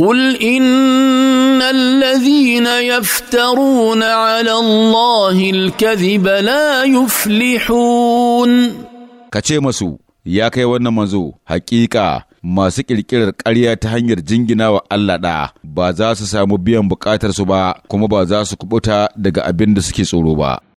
قل ان na يفترون على الله الكذب لا يفلحون kace masu ya kai wannan manzo hakika masu ƙirƙirar ƙarya ta hanyar jingina wa Allah ɗa ba za su samu biyan buƙatarsu ba kuma ba za su kubuta daga abinda suke tsoro ba